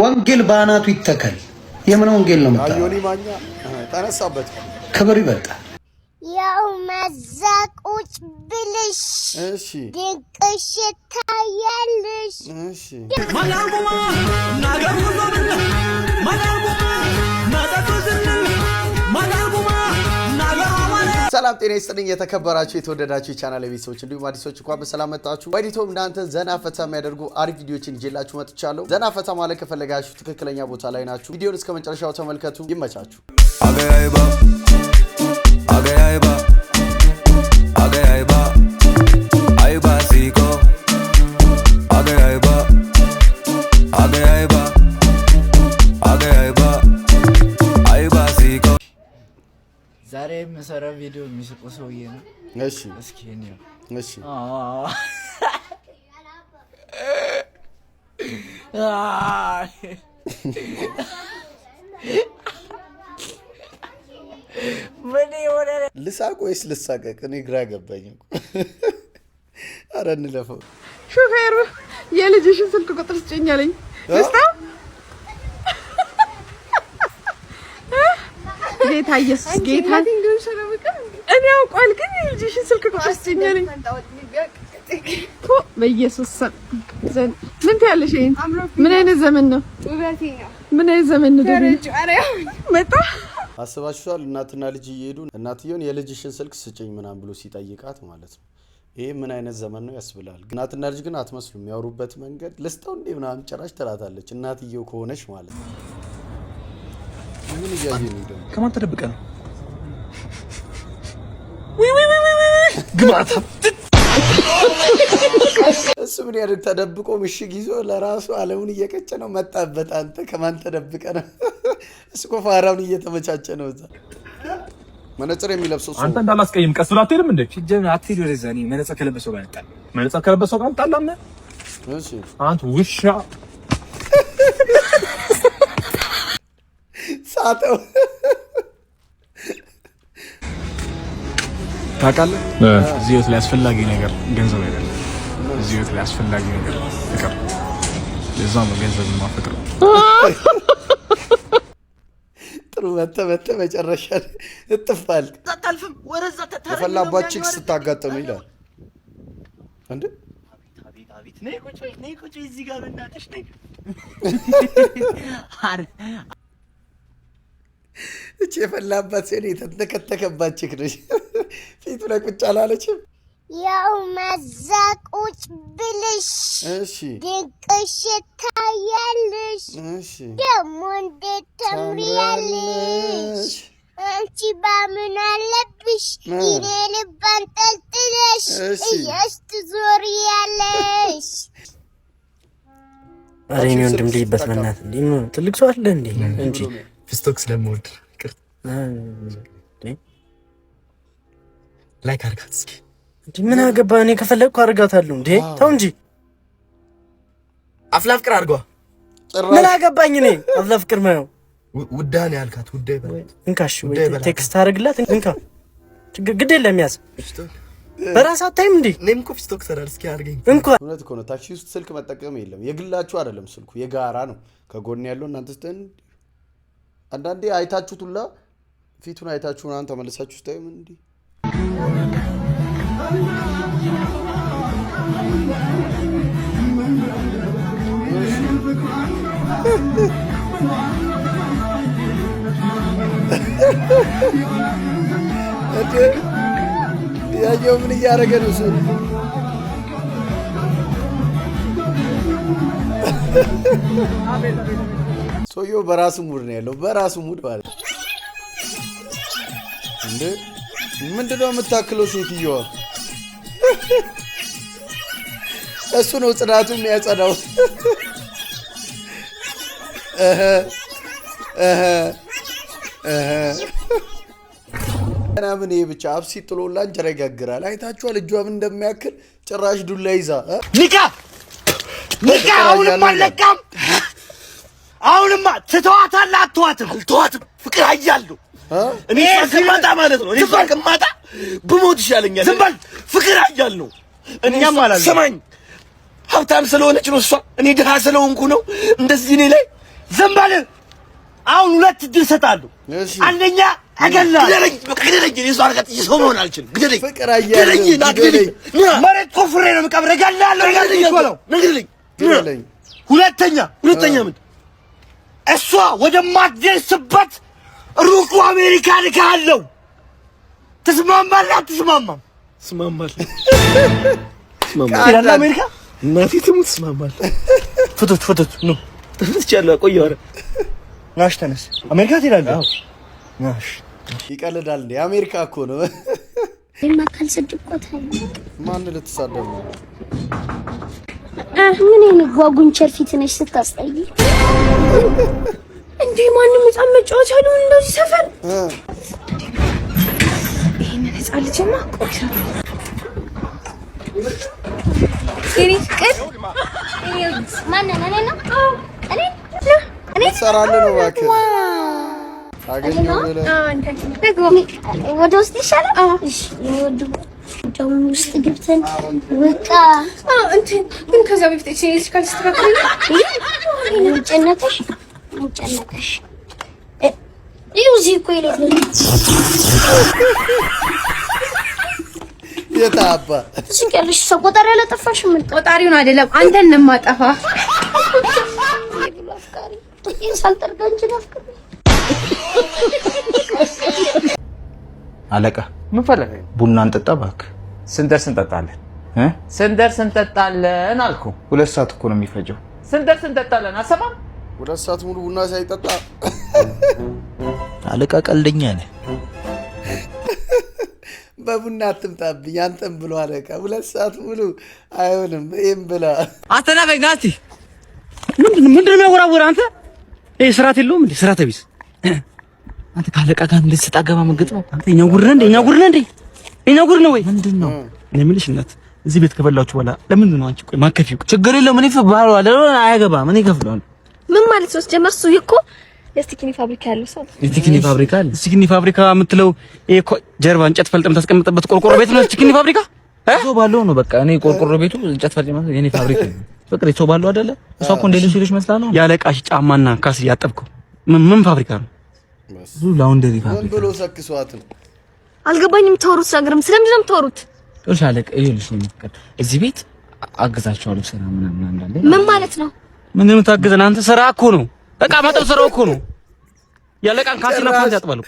ወንጌል በአናቱ ይተከል። የምን ወንጌል ነው? ተነሳበት ክብር ይበልጣል። ያው መዛ ብልሽ ድንቅሽ ይታያልሽ። መላቡማ ናገሩ ዞብል መላቡማ ናጠጡ ዝንል ሰላም ጤና ይስጥልኝ። የተከበራችሁ የተወደዳችሁ የቻናል ቤተሰቦች እንዲሁም አዲሶች እንኳን በሰላም መጣችሁ። ዋይዲቶም እናንተ ዘና ፈታ የሚያደርጉ አሪፍ ቪዲዮችን ይዤላችሁ መጥቻለሁ። ዘና ፈታ ማለት ከፈለጋችሁ ትክክለኛ ቦታ ላይ ናችሁ። ቪዲዮን እስከ መጨረሻው ተመልከቱ። ይመቻችሁ። አገያይባ የምሰራ ቪዲዮ የሚስቁ ሰውዬ ነው። እሺ እስኪ እኔው እሺ ልሳቅ ወይስ ልሳቀቅ? እኔ ግራ ገባኝ። ኧረ እንለፈው። ሹፌሩ የልጅሽን ስልክ ቁጥር ስጭኝ አለኝ። ጌታ ኢየሱስ ጌታ እኔ አውቋል፣ ግን የልጅሽን ስልክ ቁጥስኛለኝ በኢየሱስ ስም ምን ትያለሽ? ይሄን ምን አይነት ዘመን ነው? ምን አይነት ዘመን ነው? መጣ አስባችኋል? እናትና ልጅ እየሄዱ እናትየውን የልጅሽን ስልክ ስጭኝ ምናምን ብሎ ሲጠይቃት ማለት ነው። ይሄ ምን አይነት ዘመን ነው ያስብላል። እናትና ልጅ ግን አትመስሉም። የሚያወሩበት መንገድ ልስጠው እንዴ ምናምን ጭራሽ ትላታለች እናትየው ከሆነች ማለት ነው። ከማን ተደብቀ ነው? ግማታ እሱ ምን ያድርግ? ተደብቆ ምሽግ ይዞ ለራሱ አለሙን እየቀጨ ነው። መጣበት። አንተ ከማን ተደብቀ ነው? እሱ እኮ ፋራውን እየተመቻቸ ነው። እዛ መነጽር የሚለብሰው አንተ እንዳላስቀይም ቀስ ብላ አትሄድም እንዴ? ፊጀን አትሄድ ወደዛ። እኔ መነጽር ከለበሰው ጋር ጣል፣ መነጽር ከለበሰው ጋር ጣል። አንተ ውሻ ሳተው ታውቃለህ። እዚህ ህይወት ላይ አስፈላጊ ነገር ገንዘብ አይደለም። እዚህ ህይወት ላይ አስፈላጊ ነገር ፍቅር። ለዛ ነው ገንዘብ የማፈቅረው። ጥሩ መተ መተ መጨረሻ እጥፋል የፈላባችክ ቺክ ስታጋጥም ይላል እንዴ ነይ ቁጭ በይ፣ ነይ ቁጭ በይ እዚህ ጋር በእናትሽ ነይ እች የፈላባት ሲሆን የተንተከተከባት ችክ ነች። ፊቱ ላይ ቁጭ አላለችም። ያው መዛ ቁጭ ብልሽ ድንቅሽ ታያለሽ። ደግሞ እንዴት ተምሪያለሽ አንቺ ባምን አለብሽ ይኔ ልብ አንጠልጥለሽ እያሽ ያለሽ አሬኔ ወንድም ልይበት መናት እንዲ ትልቅ ሰው አለ እንዲ እንጂ ስቶክ ስለምወድ ላይክ አድርጋት እስኪ። ምን አገባ እኔ ከፈለግኩ አርጋታለሁ እንዴ ተው እንጂ አፍላ ፍቅር አድርጓ። ምን አገባኝ እኔ አፍላ ፍቅር ማየው ውዳ ነው ያልካት። ውዳ ይበላት። እንካሽ ቴክስት አርግላት እንካ ግድ የለም ያዝ። በራስ አታይም እንዴ? እኔም እኮ ፊስቶክ ሰራል። እስኪ አድርገኝ እንኳን እውነት ከሆነ ታክሲ ውስጥ ስልክ መጠቀም የለም። የግላችሁ አይደለም ስልኩ የጋራ ነው። ከጎን ያለው እናንተ አንዳንዴ አይታችሁት ሁላ ፊቱን አይታችሁ ምናምን ተመልሳችሁ ስታዩ ምን እንዲህ ያየው ምን እያደረገ ነው? እሱ አቤት አቤት ሰውየው በራሱ ሙድ ነው ያለው። በራሱ ሙድ ማለት እንደ ምንድነው የምታክለው ሴትዮዋ? እሱ ነው ጽዳቱ የሚያጸዳው። ገና ምን ይሄ ብቻ አብሲ ጥሎላ እንጀራ ይጋግራል። አይታችኋል? እጇ ምን እንደሚያክል ጭራሽ ዱላ ይዛ ንቃ ንቃ አሁንም አለቃም አሁንማ ትተዋታለህ? አትተዋትም? አልተዋትም። ፍቅር አያለሁ እኔ ማጣ ማለት ነው። እኔ ማጣ ብሞት ይሻለኛል። ዝም በል። ፍቅር አያለሁ እኛም አላለ ሰማኝ። ሀብታም ስለሆነች ነው እሷ፣ እኔ ድሃ ስለሆንኩ ነው እንደዚህ እኔ ላይ። ዝም በል። አሁን ሁለት እድል እሰጥሃለሁ። አንደኛ እኔ ነው ሁለተኛ ሁለተኛ ምን እሷ ወደማትደርስበት ሩቁ አሜሪካ ልካለው። ትስማማላ? አትስማማም? ትስማማለህ? አሜሪካ እናቴ ትሙት ትስማማለህ? ፍቱት፣ ፍቱት። ኑ ተፈትቻለሁ። ቆይ ወረ ናሽ ተነስ። አሜሪካ ትሄዳለህ? ናሽ ይቀልዳል እንዴ? አሜሪካ እኮ ነው። ማን ልትሳደብ ነው? ምን ጓጉንቸር ፊት ነሽ ስታስጠይ እንዴ! ማንም ህፃን መጫወቻ ነው እንደዚህ ሰፈር። ይሄንን ህፃን ልጅማ ቆይራ ወደ ውስጥ ይሻላል። ጎጃም ውስጥ ገብተን በቃ እንትን ግን ከዛ በፊት እቺ ልጅ ካልስተካከለ ጨነቀሽ ጨነቀሽ። ይኸው እዚህ እኮ የሌለ የታባ ስቀልሽ ሰው ቆጣሪ ያለጠፋሽ ምን ቆጣሪውን አይደለም አንተን ነው የማጠፋ። አለቃ ምን ፈለገ? ቡና እንጠጣ እባክህ። ስንደርስ እንጠጣለን ስንደርስ እንጠጣለን አልኩ። ሁለት ሰዓት እኮ ነው የሚፈጀው። ስንደርስ እንጠጣለን አሰማም። ሁለት ሰዓት ሙሉ ቡና ሳይጠጣ አለቃ ቀልደኛ ነህ። በቡና አትምጣብኝ አንተም ብሎ አለቃ ሁለት ሰዓት ሙሉ አይሆንም። ይህም ብላ አስተናጋጅ ናቲ ምንድን ነው የሚያወራውር አንተ? ይህ ስርዓት የለውም እንዴ? ስርዓት ቢስ አንተ ከአለቃ ጋር እንደሰጣ ገባ መገጥ ነው። አንተ እኛ ጉድነ እንዴ? እኛ ጉድነ እንዴ? ይነጉር ነው ወይ ምንድን ነው? እኔ የምልሽ እናት እዚህ ቤት ከበላችሁ በኋላ ለምንድን ነው አንቺ? ቆይ ማከፊው ችግር የለውም። እኔ ፍባሉ አለ አያገባ ምን ይከፍለዋል? ምን ማለት ነው? ጀመር እሱ እኮ የስቲክኒ ፋብሪካ ያለው ሰው የስቲክኒ ፋብሪካ አለ። ስቲክኒ ፋብሪካ የምትለው እኮ ጀርባ እንጨት ፈልጠም የምታስቀምጥበት ቆርቆሮ ቤት ነው። ስቲክኒ ፋብሪካ እሱ ባለው ነው በቃ። እኔ ቆርቆሮ ቤቱ እንጨት ፈልጠ ማለት የኔ ፋብሪካ ነው። ፍቅር እሱ ባለው አይደለ? እሷ እኮ እንደ ሌሎች መስላ ነው ያለቃሽ ጫማና ካስ ያጠብከው ምን ምን ፋብሪካ ነው? ብዙ ላውንደሪ ፋብሪካ ምን ብሎ ሰክሷት ነው አልገባኝም። ተወሩት ነገርም ስለምንድን ነው የምታወሩት? እሺ አለቅ ይኸውልሽ ነው የምትቀር እዚህ ቤት አግዛቸዋለሁ ስራ ምናምን እንዳለ ምን ማለት ነው? ምን የምታግዘን አንተ? ስራ እኮ ነው፣ እቃ ማጠብ ስራው እኮ ነው ያለቃን ካሲና ፓንት ያጥባሉ።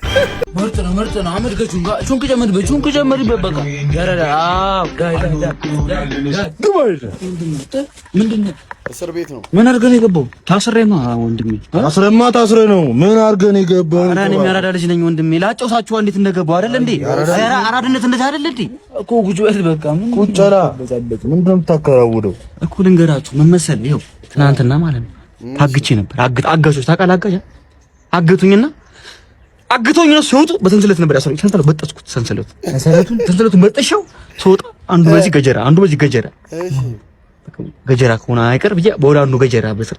ምርጥ ነው፣ ምርጥ ነው። አመድ ከቹንጋ ቹንክ ጀመር በቹንክ ጀመር ይበበቃ ያረዳ አው ጋይ ዳይ ዳይ ግባይ ምንድነው? እስር ቤት ነው። ምን አድርገህ ነው የገባው? ታስሬማ ወንድሜ፣ ታስረማ ታስረ ነው። ምን አድርገህ ነው የገባው? ኧረ እኔም ያራዳ ልጅ ነኝ ወንድሜ። ላጨውሳችኋ እንዴት እንደገባው አይደል እንዴ? አራድነት እንደዚህ አይደል እንዴ? እኮ ጉጁ ጉጅበት በቃ ምን ቁጨላ ምንድነው የምታከራውደው? እኮ ልንገራችሁ ምን መሰለህ፣ ይኸው ትናንትና ማለት ነው ታግቼ ነበር። አጋሾች ታውቃለህ፣ አጋሽ አገቱኝና አግቶኝ ነው ሲወጡ በሰንሰለት ነበር ያሰሩኝ። ሰንሰለት በጠስኩት ሰንሰለቱ ሰንሰለቱን ሰንሰለቱን በጠሻው ሲወጣ አንዱ በዚህ ገጀራ አንዱ በዚህ ገጀራ ገጀራ ከሆነ አይቀር ብዬ በወደ አንዱ ገጀራ በስር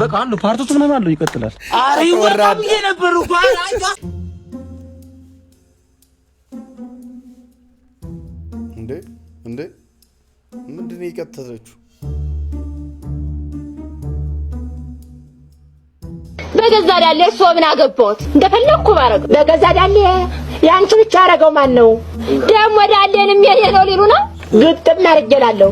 በቃ አንዱ ፓርቱ ምናምን አለው ይቀጥላል። አሪ የነበሩ እንዴ እንዴ ምንድን ነው የቀጠለችው? በገዛ እሷ ምን አገባሁት? በገዛ የአንቺ ብቻ አረገው ማን ነው ደግሞ ዳሌንም የኔ ሊሉ ነው ግጥም አርጌላለሁ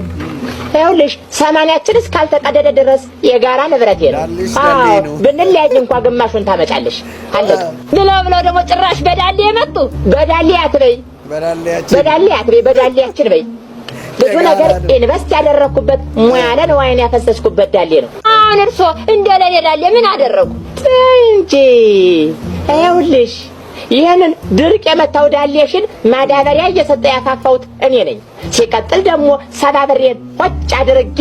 ይኸውልሽ ሰማንያችን እስካልተቀደደ ድረስ የጋራ ንብረት ነው። አዎ ብንለያይ እንኳ ግማሹን ታመጫለሽ። አለቅ ብሎ ብሎ ደግሞ ጭራሽ በዳሌ የመጡ በዳሌ አትበይ፣ በዳሌ አትበይ፣ በዳሌያችን በይ። ብዙ ነገር ኢንቨስት ያደረግኩበት ሙያለን ዋይን ያፈሰስኩበት ዳሌ ነው። አሁን እርሶ እንደ ለኔ ዳሌ ምን አደረጉ እንጂ ይኸውልሽ ይህንን ድርቅ የመታው ዳሌሽን ማዳበሪያ እየሰጠ ያፋፋሁት እኔ ነኝ። ሲቀጥል ደግሞ ሰባብሬን ሆጭ አድርጌ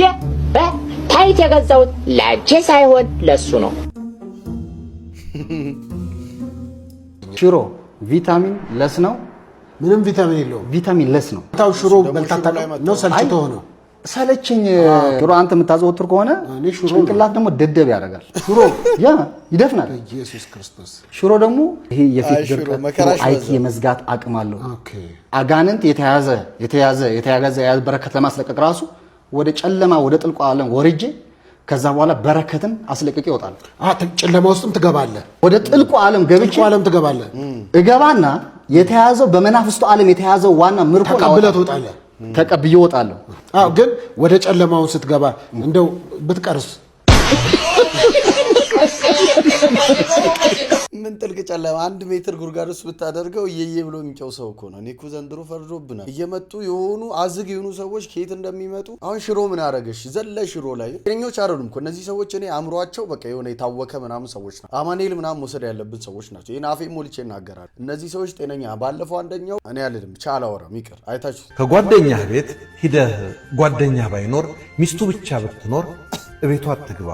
በታይት የገዛሁት ለአጄ ሳይሆን ለሱ ነው። ሽሮ ቪታሚን ለስ ነው። ምንም ቪታሚን የለውም። ቪታሚን ለስ ነው። ታው ሽሮ በልታታ ነው ሰልችቶ ሆነው ሰለችኝ ሽሮ አንተ የምታዘወትር ከሆነ ጭንቅላት ደግሞ ደደብ ያደርጋል። ሽሮ ያ ይደፍናል። ኢየሱስ ክርስቶስ ሽሮ ደግሞ ይሄ የፊት ድርቀት አይክ የመዝጋት አቅም አለው። አጋንንት የተያዘ የተያዘ የተያዘ በረከት ለማስለቀቅ ራሱ ወደ ጨለማ ወደ ጥልቁ ዓለም ወርጄ ከዛ በኋላ በረከትን አስለቅቄ ይወጣል። ጨለማ ውስጥም ትገባለህ፣ ወደ ጥልቁ ዓለም ገብቼ ዓለም ትገባለህ። እገባና የተያዘው በመናፍስቱ ዓለም የተያዘው ዋና ምርኮ ተቀብለህ ትወጣለህ ተቀብዬ እወጣለሁ። አዎ፣ ግን ወደ ጨለማውን ስትገባ እንደው ብትቀርስ ምን ጥልቅ ጨለማ አንድ ሜትር ጉድጓድ ውስጥ ብታደርገው እየየ ብሎ የሚጨው ሰው እኮ ነው። እኔ እኮ ዘንድሮ ፈርዶብናል። እየመጡ የሆኑ አዝግ የሆኑ ሰዎች ከየት እንደሚመጡ አሁን ሽሮ ምን አረገሽ ዘለ ሽሮ ላይ ጤነኞች አይደሉም እኮ እነዚህ ሰዎች። እኔ አእምሯቸው በቃ የሆነ የታወከ ምናምን ሰዎች ናቸው። አማኔል ምናምን መውሰድ ያለብን ሰዎች ናቸው። ይህን አፌ ሞልቼ እናገራል። እነዚህ ሰዎች ጤነኛ ባለፈው አንደኛው እኔ አልልም ቻ አላወራም ይቅር አይታችሁ ከጓደኛ ቤት ሂደህ ጓደኛ ባይኖር ሚስቱ ብቻ ብትኖር እቤቷ አትግባ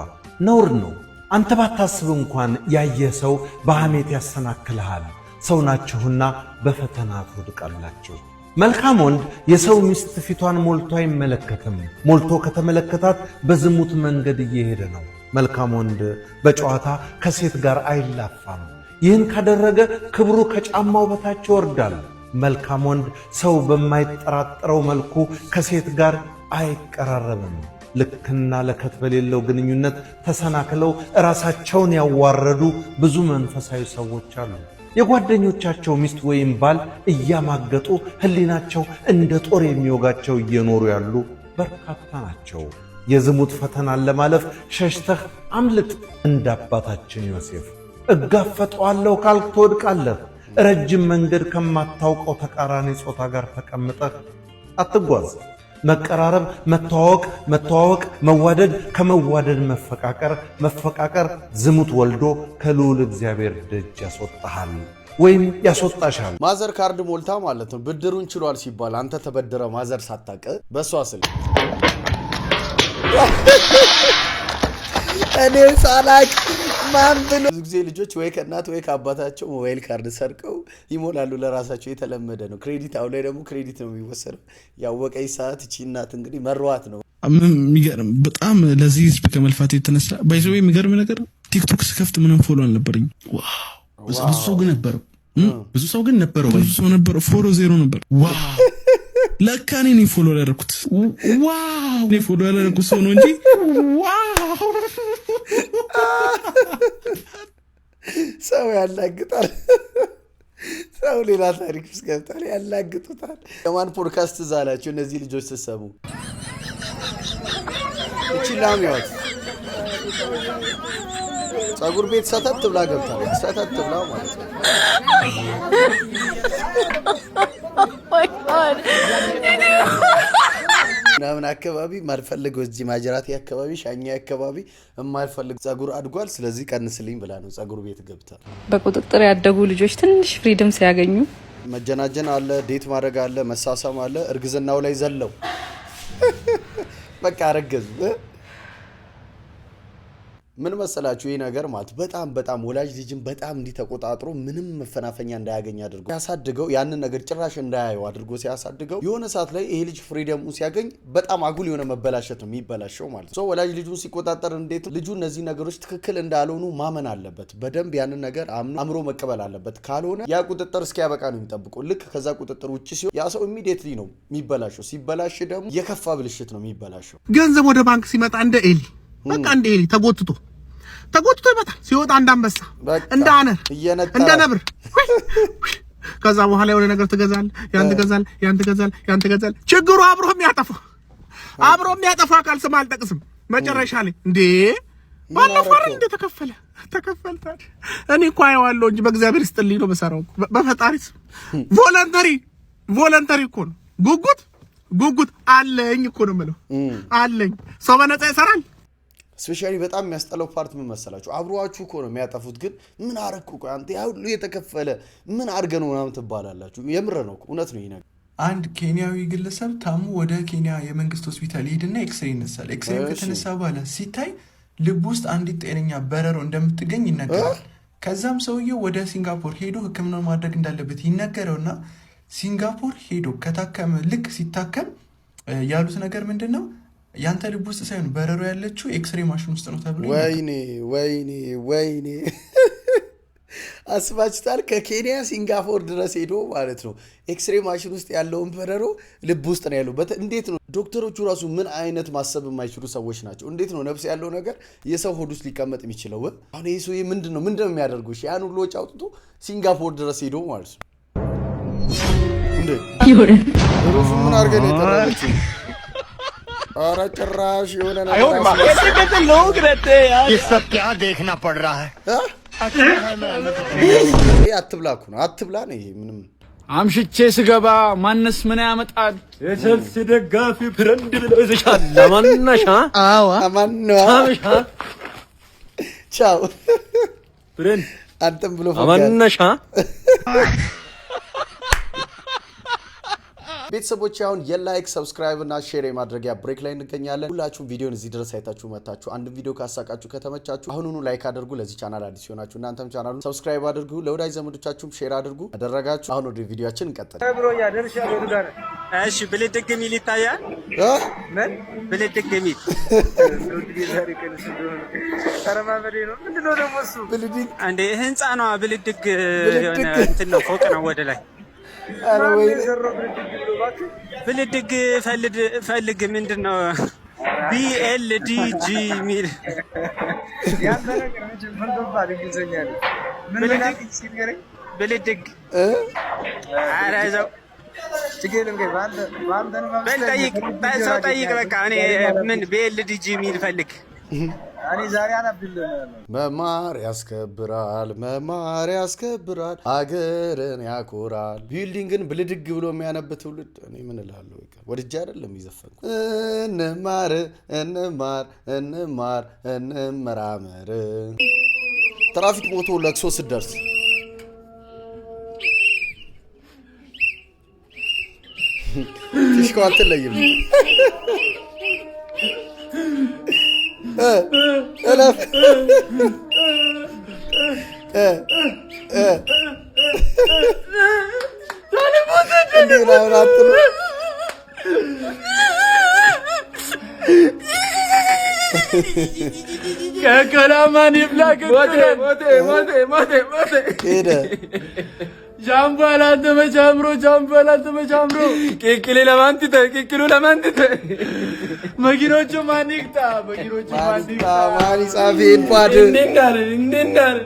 ነውር ነው። አንተ ባታስብ እንኳን ያየ ሰው በሐሜት ያሰናክልሃል። ሰው ናችሁና በፈተና ትወድቃላችሁ። መልካም ወንድ የሰው ሚስት ፊቷን ሞልቶ አይመለከትም። ሞልቶ ከተመለከታት በዝሙት መንገድ እየሄደ ነው። መልካም ወንድ በጨዋታ ከሴት ጋር አይላፋም። ይህን ካደረገ ክብሩ ከጫማው በታች ይወርዳል። መልካም ወንድ ሰው በማይጠራጠረው መልኩ ከሴት ጋር አይቀራረብም። ልክና ለከት በሌለው ግንኙነት ተሰናክለው ራሳቸውን ያዋረዱ ብዙ መንፈሳዊ ሰዎች አሉ። የጓደኞቻቸው ሚስት ወይም ባል እያማገጡ ሕሊናቸው እንደ ጦር የሚወጋቸው እየኖሩ ያሉ በርካታ ናቸው። የዝሙት ፈተናን ለማለፍ ሸሽተህ አምልጥ እንደ አባታችን ዮሴፍ። እጋፈጠዋለሁ ካልክ ትወድቃለህ። ረጅም መንገድ ከማታውቀው ተቃራኒ ጾታ ጋር ተቀምጠህ አትጓዝ። መቀራረብ፣ መተዋወቅ፣ መተዋወቅ፣ መዋደድ፣ ከመዋደድ መፈቃቀር፣ መፈቃቀር ዝሙት ወልዶ ከልዑል እግዚአብሔር ደጅ ያስወጣሃል ወይም ያስወጣሻል። ማዘር ካርድ ሞልታ ማለት ነው። ብድሩን ችሏል ሲባል አንተ ተበድረ ማዘር ሳታቀ በእሷ ስል እኔ ሳላቅ ብዙ ጊዜ ልጆች ወይ ከእናት ወይ ከአባታቸው ሞባይል ካርድ ሰርቀው ይሞላሉ ለራሳቸው የተለመደ ነው። ክሬዲት አሁን ላይ ደግሞ ክሬዲት ነው የሚወሰደው። ያወቀኝ ሰዓት እቺ እናት እንግዲህ መሯት ነው። የሚገርም በጣም ለዚህ ህዝብ ከመልፋት የተነሳ ባይዘ የሚገርም ነገር ቲክቶክ ስከፍት ምንም ፎሎ አልነበረኝ። ብዙ ሰው ግን ነበረው ብዙ ሰው ግን ነበረው ብዙ ሰው ነበረው ፎሎ ዜሮ ነበር። ለካ እኔ እኔ ፎሎ ያደረኩት ዋው፣ እኔ ፎሎ ያደረኩት ሰው ነው እንጂ ዋው፣ ሰው ያላግጣል። ሰው ሌላ ታሪክ ውስጥ ገብቷል። ያላግጡታል። የማን ፖድካስት ትዝ አላቸው እነዚህ ልጆች ስትሰሙ? እቺ ላሚዋት ጸጉር ቤት ሰተት ብላ ገብታለች። ሰተት ብላ ማለት ነው። ምናምን አካባቢ የማልፈልገው እዚህ ማጀራቴ አካባቢ ሻኛ አካባቢ የማልፈልግ ጸጉር አድጓል፣ ስለዚህ ቀንስልኝ ብላ ነው ጸጉር ቤት ገብታ። በቁጥጥር ያደጉ ልጆች ትንሽ ፍሪደም ሲያገኙ መጀናጀን አለ፣ ዴት ማድረግ አለ፣ መሳሳም አለ። እርግዝናው ላይ ዘለው በቃ አረገዝ ምን መሰላችሁ ይህ ነገር ማለት በጣም በጣም ወላጅ ልጅን በጣም እንዲተቆጣጥሮ ምንም መፈናፈኛ እንዳያገኝ አድርጎ ሲያሳድገው ያንን ነገር ጭራሽ እንዳያየው አድርጎ ሲያሳድገው የሆነ ሰዓት ላይ ይሄ ልጅ ፍሪደሙ ሲያገኝ በጣም አጉል የሆነ መበላሸት ነው የሚበላሸው ማለት ነው። ወላጅ ልጁን ሲቆጣጠር እንዴት ልጁ እነዚህ ነገሮች ትክክል እንዳልሆኑ ማመን አለበት። በደንብ ያንን ነገር አምኖ አምሮ መቀበል አለበት። ካልሆነ ያ ቁጥጥር እስኪያበቃ ነው የሚጠብቀው። ልክ ከዛ ቁጥጥር ውጭ ሲሆን ያ ሰው ኢሚዲየትሊ ነው የሚበላሸው። ሲበላሽ ደግሞ የከፋ ብልሽት ነው የሚበላሸው። ገንዘብ ወደ ባንክ ሲመጣ እንደ ኤሊ በቃ እንደ ኤሊ ተጎትቶ ተጎትቶ ይመጣል። ሲወጣ እንደ አንበሳ፣ እንደ አነር፣ እንደ ነብር ከዛ በኋላ የሆነ ነገር ትገዛል፣ ያን ትገዛል፣ ያን ትገዛል፣ ያን ትገዛል። ችግሩ አብሮ የሚያጠፋ አብሮ የሚያጠፋ አካል ስም አልጠቅስም። መጨረሻ ላይ እንዴ ባለፈው አይደል እንደ ተከፈለ ተከፈልታ እኔ እኮ አየዋለሁ እንጂ በእግዚአብሔር ይስጥልኝ ነው በሰራው በፈጣሪ ስም። ቮለንተሪ ቮለንተሪ እኮ ነው። ጉጉት ጉጉት አለኝ እኮ ነው የምለው አለኝ። ሰው በነፃ ይሰራል ስፔሻሊ በጣም የሚያስጠላው ፓርት ምን መሰላችሁ? አብረዋችሁ እኮ ነው የሚያጠፉት። ግን ምን አረግኩ? ቆይ አንተ ያ ሁሉ የተከፈለ ምን አድርገ ነው ምናምን ትባላላችሁ። የምር ነው፣ እውነት ነው ይነገር አንድ ኬንያዊ ግለሰብ ታሙ ወደ ኬንያ የመንግስት ሆስፒታል ይሄድና ኤክስሬ ይነሳል። ኤክስሬ ከተነሳ በኋላ ሲታይ ልብ ውስጥ አንዲት ጤነኛ በረሮ እንደምትገኝ ይነገራል። ከዛም ሰውየው ወደ ሲንጋፖር ሄዶ ሕክምናውን ማድረግ እንዳለበት ይነገረውና ሲንጋፖር ሄዶ ከታከመ ልክ ሲታከም ያሉት ነገር ምንድን ነው ያንተ ልብ ውስጥ ሳይሆን በረሮ ያለችው ኤክስሬ ማሽን ውስጥ ነው ተብሎ ወይኔ ወይኔ ወይኔ አስባችታል። ከኬንያ ሲንጋፖር ድረስ ሄዶ ማለት ነው ኤክስሬ ማሽን ውስጥ ያለውን በረሮ ልብ ውስጥ ነው ያለው። እንዴት ነው ዶክተሮቹ ራሱ ምን አይነት ማሰብ የማይችሉ ሰዎች ናቸው? እንዴት ነው ነፍስ ያለው ነገር የሰው ሆድ ውስጥ ሊቀመጥ የሚችለው? አሁን ይህ ሰውዬ ምንድን ነው ምንድን ነው የሚያደርገው? ያን ሁሉ ወጪ አውጥቶ ሲንጋፖር ድረስ ሄዶ ማለት ነው ምን አድርገን और चर्राश होने कैसे कैसे लोग रहते हैं यार ये सब क्या देखना पड़ रहा है አትብላኩ ነው አትብላ ነው ይሄ ምንም አምሽቼ ስገባ ማንስ ምን ያመጣል? የቸልሲ ደጋፊ ፍረንድ ብለው ይዘሻል። አማናሽ አዋ አማናሽ አምሻ ቻው ፍረንድ አንተም ብሎ አማናሽ ቤተሰቦች አሁን የላይክ ሰብስክራይብ እና ሼር የማድረጊያ ብሬክ ላይ እንገኛለን። ሁላችሁም ቪዲዮን እዚህ ድረስ አይታችሁ መታችሁ አንድ ቪዲዮ ካሳቃችሁ ከተመቻችሁ አሁኑኑ ላይክ አድርጉ። ለዚህ ቻናል አዲስ ሲሆናችሁ እናንተም ቻናሉን ሰብስክራይብ አድርጉ። ለወዳጅ ዘመዶቻችሁም ሼር አድርጉ። አደረጋችሁ። አሁን ወደ ቪዲዮችን እንቀጥል። እሺ ብልድግ ሚል ይታያል። ምን ብልድግ ሚል ህንፃ ነው። ብልድግ እንትን ነው፣ ፎቅ ነው ወደ ላይ ብልድግ ፈልግ ምንድን ነው? ቢኤልዲጂ ሚል ብልድግ ሰው ጠይቅ። በቃ ምን ቢኤልዲጂ ሚል ፈልግ መማር ያስከብራል፣ መማር ያስከብራል፣ አገርን ያኮራል። ቢልዲንግን ብልድግ ብሎ የሚያነብ ትውልድ እኔ ምን እላለሁ? ወድጄ አይደለም የዘፈንኩት። እንማር እንማር እንማር እንመራመር። ትራፊክ ሞቶ ለቅሶ ስደርስ ቲሽኮ አትለይም Ee, ee, Ee, elaf. He. Öyle. He. He. Canım bozuldu. Bir avrattın. ከከላማን ይብላ ሄደ። ጃምባላ አንተ መቻምሮ ጃምባላ አንተ መቻምሮ ቂቅሊ ለማንትተ ቂቅሉ ለማንትተ መኪኖቹ ማን ይቅጣ መኪኖቹ ማን ይቅጣ ማን ይጻፍ ይባድ እንዲናለ እንዲናለ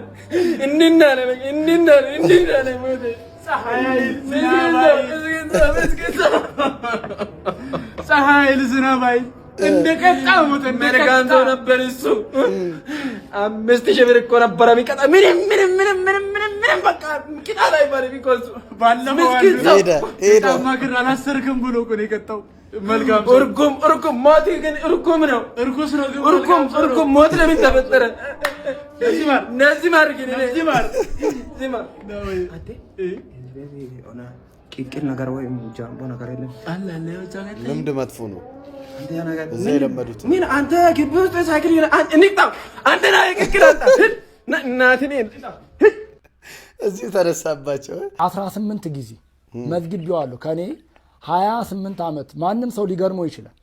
እንዲናለ እንዲናለ እንዲናለ ሞተ ፀሐይ ልዝናብ ዝናባይ እንደቀጣሙት መርጋንቶ ነበር እሱ። አምስት ሺህ ብር እኮ ነበረ የሚቀጣ። ምንም ምንም ምንም ምንም ምንም ምንም በቃ ቅጣት አይባልም እኮ እሱ። ባለፈው ማግር አላሰርክም ብሎ እኮ ነው የቀጣው። መልካም እርጉም እርጉም ሞት ግን እርጉም ነው። እርጉስ ነው ግን እርጉም እርጉም ሞት ለምን ተፈጠረ? ነዚማር ነዚማር ግን ነዚማር ነዚማር አዴ ቂቅል ነገር ወይም ጃምቦ ነገር የለም። አላ መጥፎ ነው እዛ የለመዱት ምን አንተ ግቢ ውስጥ ሳይክል እዚሁ ተነሳባቸው። አስራ ስምንት ጊዜ ቢዋለሁ ከእኔ ሀያ ስምንት ዓመት ማንም ሰው ሊገርመው ይችላል።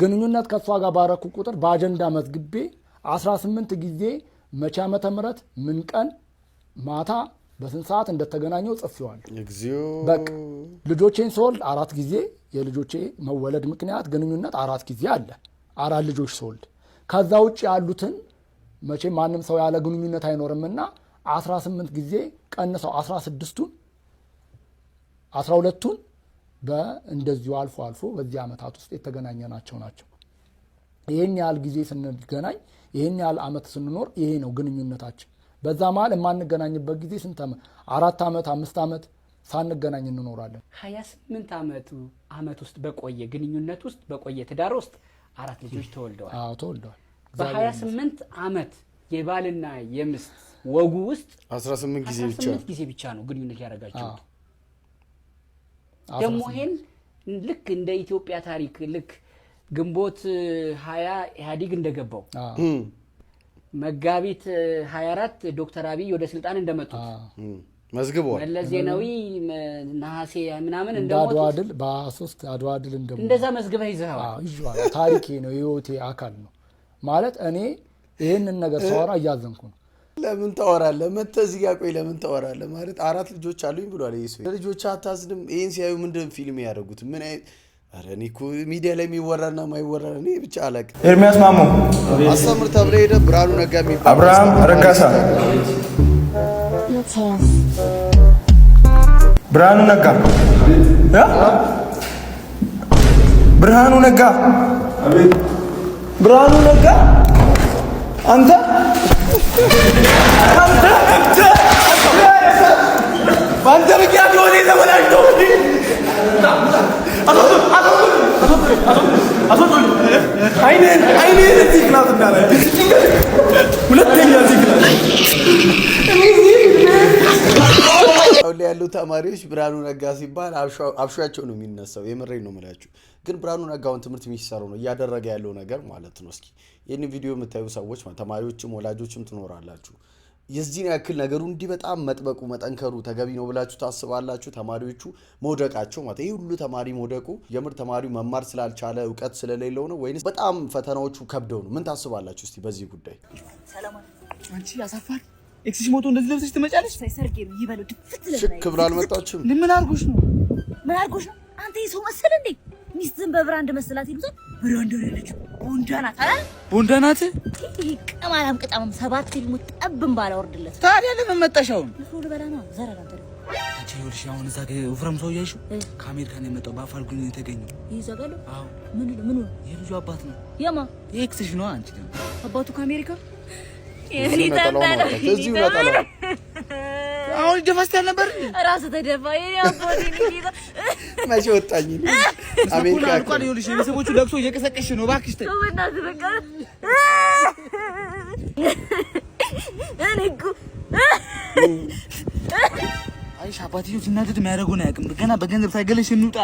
ግንኙነት ከእሷ ጋር ባረኩ ቁጥር በአጀንዳ መዝግቤ አስራ ስምንት ጊዜ መቼ ዓመተ ምህረት ምን ቀን ማታ በስንት ሰዓት እንደተገናኘው ጽፌዋለሁ። በቃ ልጆቼን ስወልድ አራት ጊዜ የልጆቼ መወለድ ምክንያት ግንኙነት አራት ጊዜ አለ። አራት ልጆች ስወልድ ከዛ ውጭ ያሉትን መቼ ማንም ሰው ያለ ግንኙነት አይኖርምና 18 ጊዜ ቀንሰው 16 ስድስቱን አስራ ሁለቱን በእንደዚሁ አልፎ አልፎ በዚህ ዓመታት ውስጥ የተገናኘ ናቸው ናቸው። ይህን ያህል ጊዜ ስንገናኝ፣ ይህን ያህል ዓመት ስንኖር ይሄ ነው ግንኙነታችን። በዛ መሀል የማንገናኝበት ጊዜ ስንት ዓመት አራት ዓመት አምስት ዓመት ሳንገናኝ እንኖራለን። ሀያ ስምንት ዓመቱ ዓመት ውስጥ በቆየ ግንኙነት ውስጥ በቆየ ትዳር ውስጥ አራት ልጆች ተወልደዋል። አዎ ተወልደዋል። በሀያ ስምንት ዓመት የባልና የምስት ወጉ ውስጥ አስራ ስምንት ጊዜ ብቻ ጊዜ ብቻ ነው ግንኙነት ያደረጋችሁት። ደግሞ ይሄን ልክ እንደ ኢትዮጵያ ታሪክ ልክ ግንቦት ሀያ ኢህአዲግ እንደገባው መጋቢት 24 ዶክተር አብይ ወደ ስልጣን እንደመጡት መዝግቧል። መለስ ዜናዊ ነሐሴ ምናምን እንደአድዋ በሶስት በ23 አድዋ ድል እንደዛ መዝግበህ ይዘዋል። ታሪኬ ነው፣ የህይወቴ አካል ነው ማለት እኔ ይህንን ነገር ሳወራ እያዘንኩ ነው። ለምን ታወራለህ? መተህ እዚህ ጋር ቆይ፣ ለምን ታወራለህ? ማለት አራት ልጆች አሉኝ ብሏል። ልጆች አታዝንም? ይህን ሲያዩ ምንድን ፊልም ያደረጉት ምን ኧረ እኔ እኮ ሚዲያ ላይ የሚወራና የማይወራ እኔ ብቻ አላውቅም። ኤርሚያስ ማሞ አስተምር ተብለ ሄደ ብርሃኑ ነጋ የሚባል አብርሃም ረጋሳ ብርሃኑ ነጋ ብርሃኑ ነጋ ብርሃኑ ነጋ አንተ ቴክላት እንዳለ ሁለተኛ ያሉ ተማሪዎች ብርሃኑ ነጋ ሲባል አብሿቸው ነው የሚነሳው። የምሬ ነው የምላችሁ። ግን ብርሃኑ ነጋውን ትምህርት የሚሰራው ነው እያደረገ ያለው ነገር ማለት ነው። እስኪ ይህን ቪዲዮ የምታዩ ሰዎች ተማሪዎችም ወላጆችም ትኖራላችሁ የዚህን ያክል ነገሩ እንዲህ በጣም መጥበቁ መጠንከሩ ተገቢ ነው ብላችሁ ታስባላችሁ? ተማሪዎቹ መውደቃቸው ማለት ይህ ሁሉ ተማሪ መውደቁ የምር ተማሪው መማር ስላልቻለ እውቀት ስለሌለው ነው ወይንስ በጣም ፈተናዎቹ ከብደው ነው? ምን ታስባላችሁ እስቲ በዚህ ጉዳይ? አንቺ አሳፋሪ ኤክስሽ ሞቶ እንደዚህ ለብሰሽ ትመጫለሽ? ለ ብሎ አልመጣችም። ምን አርጎሽ ነው? ምን አርጎሽ ነው? አንተ የሰው መሰል እንዴ ሚስትን በብራንድ መስላት ይሉት ብራንድ ያለች ቦንዳ ናት አላል ቦንዳ ናት። ቅማላም ቅጣም ሰባት ፊልሙ ጠብም ባላወርድለት ታዲያ ለምን መጣሻው? ሁሉ በላ ነው ዘራራ ተሪ አንቺ ይኸውልሽ፣ አሁን እዛ ወፍራም ሰው እያይሽው ከአሜሪካ ነው የመጣው በአፋልጉኝ ነው የተገኘው። ይዘጋሉ። አዎ ምን ነው ምን ነው? የልጁ አባት ነው። የማ ኤክስሽ ነው። አንቺ ደግሞ አባቱ ከአሜሪካ እዚህ ነው እዚህ ይመጣል አሁን ደፋስታ ነበር ራስ ተደፋ። ይሄ አፖዲኒ መቼ ወጣኝ? አሜሪካ አልቋል። ይኸውልሽ የቤተሰቦቹ ለቅሶ እየቀሰቀሽ ነው። እባክሽ ተይ። አባትዬው ሲናደድ የሚያደርገውን አያውቅም። ገና በገንዘብ ሳይገለሽ እንውጣ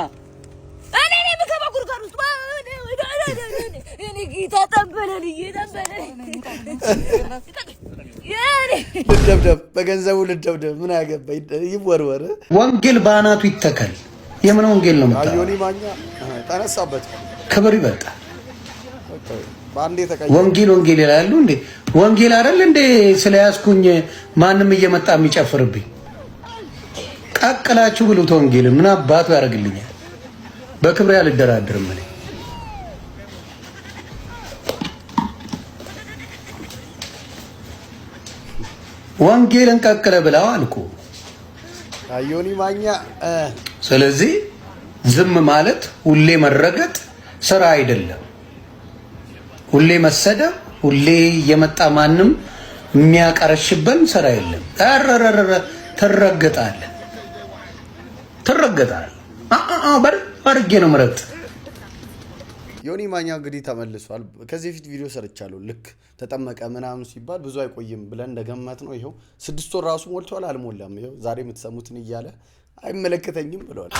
ልደብደብ፣ በገንዘቡ ልደብደብ፣ ምን ይወርወር። ወንጌል በአናቱ ይተከል። የምን ወንጌል ነው? አዮኒ ማኛ ተነሳበት። ክብር ይበልጣል። ወንጌል ወንጌል ይላሉ እንዴ? ወንጌል አይደል እንዴ? ስለያዝኩኝ ማንም እየመጣ የሚጨፍርብኝ ቀቅላችሁ ብሉት። ወንጌል ምን አባቱ ያደርግልኛል? አልደራደርም እኔ ወንጌልን ቀቅለ ብለው አልኩ አዮኒ ማኛ። ስለዚህ ዝም ማለት ሁሌ መረገጥ ስራ አይደለም፣ ሁሌ መሰደብ፣ ሁሌ የመጣ ማንም የሚያቀረሽበን ስራ የለም። ረረረረ ትረገጣለህ፣ ትረገጣለህ። በርግ አድርጌ ነው ምረጥ ዮኒ ማኛ እንግዲህ ተመልሷል። ከዚህ በፊት ቪዲዮ ሰርቻለሁ። ልክ ተጠመቀ ምናምን ሲባል ብዙ አይቆይም ብለን እንደገመት ነው። ይኸው ስድስት ወር ራሱ ሞልቷል፣ አልሞላም። ይኸው ዛሬ የምትሰሙትን እያለ አይመለከተኝም ብሏል።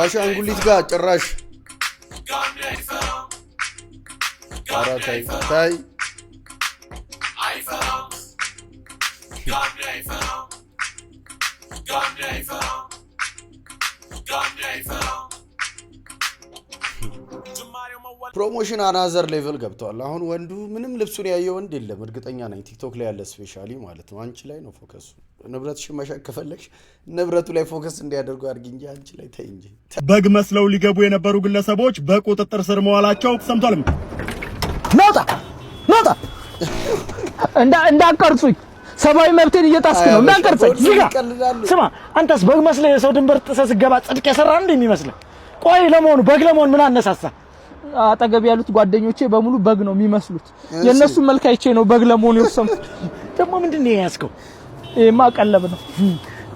አሻንጉሊት ጋር ጭራሽ ታይ ፕሮሞሽን አናዘር ሌቭል ገብተዋል። አሁን ወንዱ ምንም ልብሱን ያየ ወንድ የለም፣ እርግጠኛ ነኝ። ቲክቶክ ላይ ያለ ስፔሻሊ ማለት ነው። አንቺ ላይ ነው ፎከሱ። ንብረትሽን መሸጥ ከፈለግሽ ንብረቱ ላይ ፎከስ እንዲያደርጉ አድርጊ እንጂ አንቺ ላይ ተይ እንጂ። በግ መስለው ሊገቡ የነበሩ ግለሰቦች በቁጥጥር ስር መዋላቸው ሰምቷልም። ኖታ ኖጣ እንዳቀርጹኝ ሰብአዊ መብቴን እየጣስክ ነው። እንዳቀርጸኝ ዝጋ። ስማ አንተስ በግ መስለህ የሰው ድንበር ጥሰህ ስገባ ጽድቅ የሰራ እንደ የሚመስልህ። ቆይ ለመሆኑ በግ ለመሆን ምን አነሳሳ? አጠገብ ያሉት ጓደኞቼ በሙሉ በግ ነው የሚመስሉት። የእነሱን መልክ አይቼ ነው በግ ለመሆን የወሰንኩት። ደግሞ ምንድን ነው የያዝከው? ይሄማ ቀለብ ነው።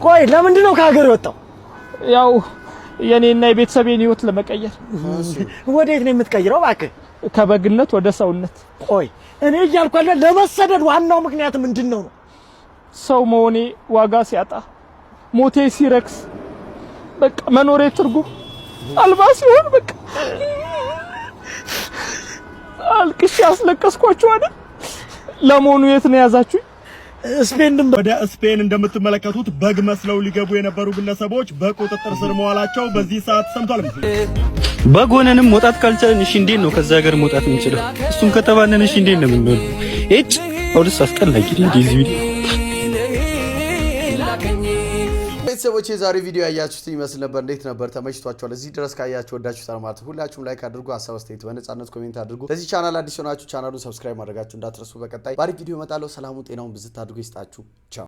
ቆይ ለምንድን ነው ከሀገር የወጣው? ያው የኔና የቤተሰቤን ህይወት ለመቀየር። ወዴት ነው የምትቀይረው? እባክህ ከበግነት ወደ ሰውነት። ቆይ እኔ እያልኳለ ለመሰደድ ዋናው ምክንያት ምንድን ነው? ሰው መሆኔ ዋጋ ሲያጣ፣ ሞቴ ሲረክስ፣ በቃ መኖሬ ትርጉም አልባ ሲሆን በቃ አልቅሽ ያስለቀስኳችሁ አይደል? ለመሆኑ የት ነው የያዛችሁኝ? ስፔን ወደ ስፔን እንደምትመለከቱት በግ መስለው ሊገቡ የነበሩ ግለሰቦች በቁጥጥር ስር መዋላቸው በዚህ ሰዓት ሰምቷል። በግ ሆነንም መውጣት ካልቻለን እሺ፣ እንዴት ነው ከዛ ሀገር መውጣት የምንችለው? እሱም ከተባለን እሺ፣ እንዴት ነው የምንሆነው? እጭ አውልስ አስቀላጊ ቪዲዮ ቤተሰቦች የዛሬ ቪዲዮ ያያችሁት ይመስል ነበር። እንዴት ነበር? ተመችቷችኋል? እዚህ ድረስ ካያችሁ ወዳችሁ ተርማት ሁላችሁም ላይክ አድርጉ፣ ሀሳብ አስተያየት በነጻነት ኮሜንት አድርጉ። ለዚህ ቻናል አዲስ ሆናችሁ ቻናሉን ሰብስክራይብ ማድረጋችሁ እንዳትረሱ። በቀጣይ ባሪክ ቪዲዮ እመጣለሁ። ሰላሙን ጤናውን ብዝት አድርጎ ይስጣችሁ። ቻው